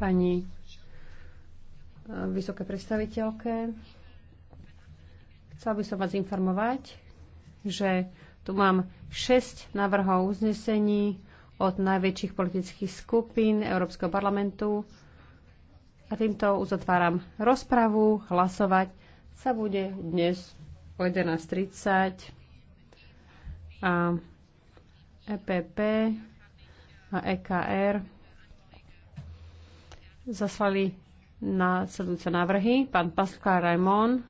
pani eh, vysoké predstaviteľke. Chcel by som vás informovať, že tu mám 6 navrhov uznesení od najväčších politických skupín Európskeho parlamentu. A týmto uzatváram rozpravu. Hlasovať sa bude dnes o 11.30. A EPP a EKR zaslali na sledujúce návrhy. Pán Pascal Raimond